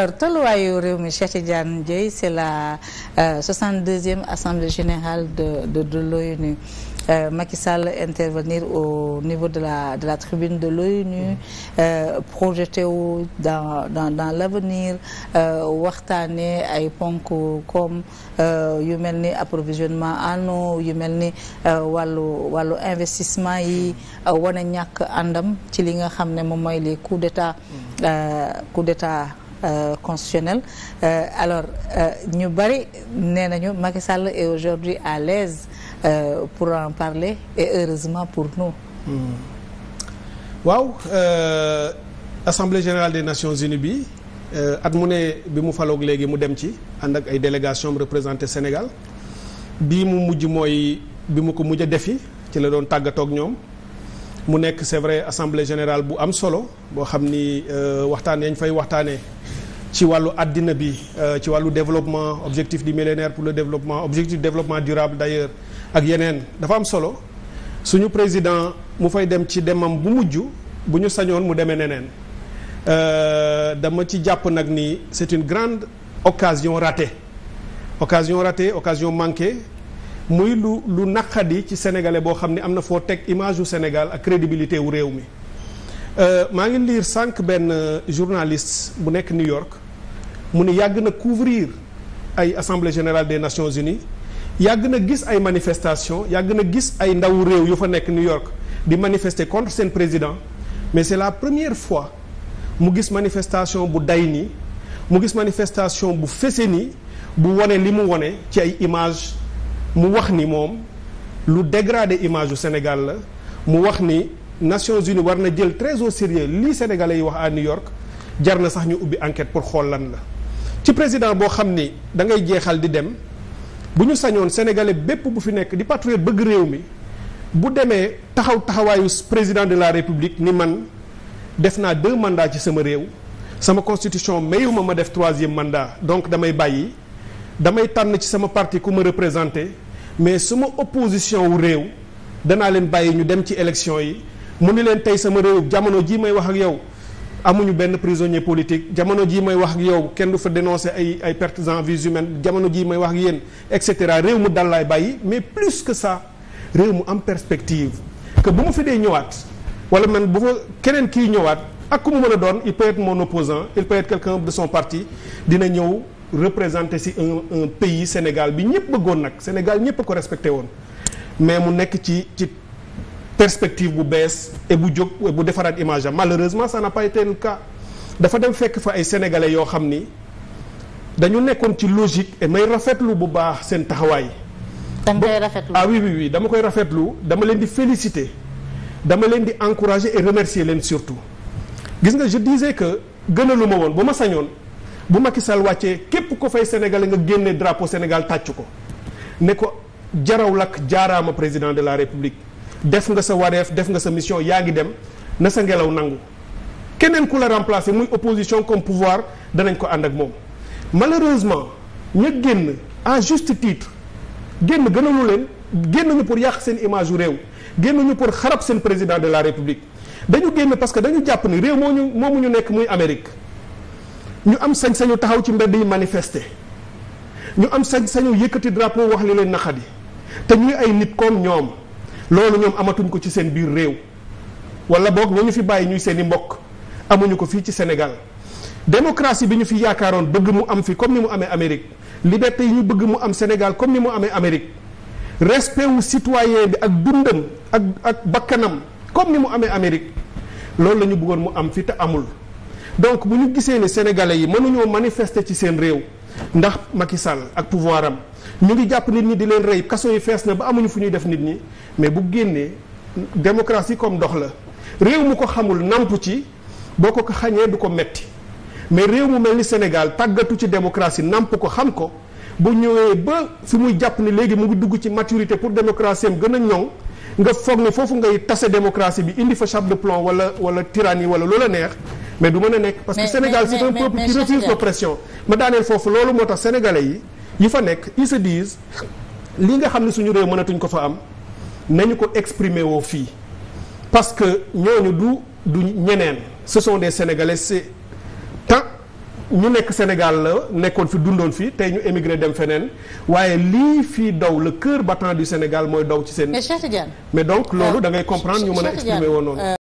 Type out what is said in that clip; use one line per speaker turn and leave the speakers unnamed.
alors tolluwaayu réew mi Cheikh Tidiane Dièye c'est la euh, soixante deuxième assemblée générale de de de l'ONU euh, Sall intervenir au niveau de la de la tribune de l'ONU mm. euh, projeté wu dans dans dans l'avenir euh, waxtaane ay ponk comme euh, yu mel ni approvisionnement en yu mel ni wàllu wàllu investissement yi wane ñàkk àndam ci li nga xam ne moom mooy les coups d'état mm. coups d'état Euh, constitutionnel euh, alors euh, ñu bari nee nañu Macky Sall est aujourd'hui à l'aise pour en parler et heureusement pour nous
hmm. waaw assemblée général des nations unies bi at mu ne bi mu faloog léegi mu dem ci ànd ak ay délégation représenté Sénégal bi mu mujj mooy bi mu ko mujj a defi ci la doon tàggatoog ñoom mu nekk c'est vrai assemblée général bu am solo boo xam ni waxtaan yañ fay waxtaanee ci wàllu àddina bi euh, ci wàllu développement objectif du millénaire pour le développement objectif développement durable d'ailleurs ak yeneen dafa am solo suñu président mu fay dem ci demam bu mujj bu ñu sañoon mu demee neneen euh, dama ci jàpp nag ni c'est une grande occasion ratée occasion ratée occasion manquée muy lu lu naqadi ci sénégalais boo xam ne am na foo teg image u Sénégal ak crédibilité wu réew mi Euh, maa ngi liir sànq benn euh, journaliste bu nekk New York mu ne yàgg na couvrir ay assemblée générale des Nations Unies yàgg na gis ay manifestations yàgg na gis ay ndaw réew yu fa nekk New York di manifester contre seen président mais c'est la première fois mu gis manifestation bu day nii mu gis manifestation bu fese ni bu wone li mu wone ci ay image mu wax ni moom lu dégradé image yu Sénégal la mu wax ni Nations Unies war na jël très au sérieux lii sénégalais yi wax à New York jar na sax ñu ubbi enquête pour xool lan la ci président boo xam ni da ngay jeexal di dem bu ñu sañoon sénégalais bépp bu fi nekk di patriote bëgg réew mi bu demee taxaw taxawaayu président de la république ni man def naa deux mandats ci sama réew sama constitution mayuma ma def troisième mandat donc damay bàyyi damay tànn ci sama partie ku ma représenté mais suma opposition wu réew danaa leen bàyyi ñu dem ci élection yi mu ni leen tey sama réew jamono ji may wax ak yow amuñu benn prisonnier politique jamono ji may wax ak yow kenn du fa dénoncer ay ay pertes en jamono ji may wax ak yéen et cetera réew mu dal laay bàyyi mais plus que ça réew mu am perspective que bu mu fi dee ñëwaat wala man bu fa keneen kii ñëwaat ak ku mu mën a doon il peut être mon opposant il peut être quelqu'un de son parti dina ñëw représenter si un un Sénégal bi ñëpp bëggoon nag Sénégal ñëpp a ko respecté woon mais mu nekk ci ci perspective bu bees et bu jóg bu defaraat image am malheureusement ça n'a pas dafa dem fekk fa ay sénégalais yoo xam ni dañu nekkoon ci logique et may rafetlu bu baax seen taxawaay. da nga koy rafetlu ah wii oui dama koy rafetlu dama leen di féliciter dama leen di encourager et remercier leen surtout. gis nga je disais que gënalu ma woon bu ma sañoon bu Macky Sall wàccee képp ko fay sénégale nga génne drapeau Sénégal tàccu ko ne ko jaraw lakk jaaraama président de la république. def nga sa wareef def nga sa mission yaa ngi dem na sa ngelaw nangu keneen ku la remplacer muy opposition comme pouvoir danañ ko ànd ak moom malheureusement ña génn à juste titre génn gënalu leen génn ñu pour yàq seen image yu réew génn ñu pour xarab seen président de la république dañu génn parce que dañu jàpp ni réew moo ñu moomu ñu nekk muy Amérique ñu am sañ-sañu taxaw ci mbedd yi manifester ñu am sañ-sañu yëkkati drapeau wax li leen naxadi te ñuy ay nit comme ñoom. loolu ñoom amatuñ ko ci seen biir réew wala boog ñoo ñu fi bàyyi ñuy seeni i mbokk amuñu ko fii ci Sénégal démocratie bi ñu fi yaakaaroon bëgg mu am fi comme ni mu amee Amérique liberté yi ñu bëgg mu am Sénégal comme ni mu amee Amérique respect wu citoyen bi ak dundam ak ak bakkanam comme ni mu amee Amérique loolu la ñu bëggoon mu am fi te amul donc bu ñu gisee ne sénégalais yi mënuñoo manifester ci seen réew. ndax Macky Sall ak pouvoir am ñu ngi jàpp nit ñi di leen rey kaso yi fees na ba amuñu fu ñuy def nit ñi mais bu génnee démocratie comme dox la réew mu ko xamul namp ci boo ko ko xañee du ko metti mais réew mu mel ni Sénégal tàggatu ci démocratie nàmp ko xam ko bu ñëwee ba fi muy jàpp ni léegi mu ngi dugg ci maturité pour démocratie am gën a ñoŋ nga foog ne foofu ngay tase démocratie bi indi fa chape de plomb wala wala tyrannie wala loola neex mais du mën a nekk parce que Sénégal c'est un peuple qui refuse l'oppression ma daaneel foofu loolu moo tax sénégalais yi yi fa nekk ils se disent li nga xam ne suñu réew mënatuñ ko fa am nañu ko exprimer woo fii parce que ñooñu du du ñeneen ce sont des sénégalais c'est tant ñu nekk Sénégal la nekkoon fi dundoon fii tey ñu émigré dem feneen waaye lii fii daw le cœur battant du Sénégal mooy dow ci seen mais donc loolu euh, da ngay comprendre ñu mën a exprimer woon noonu
euh,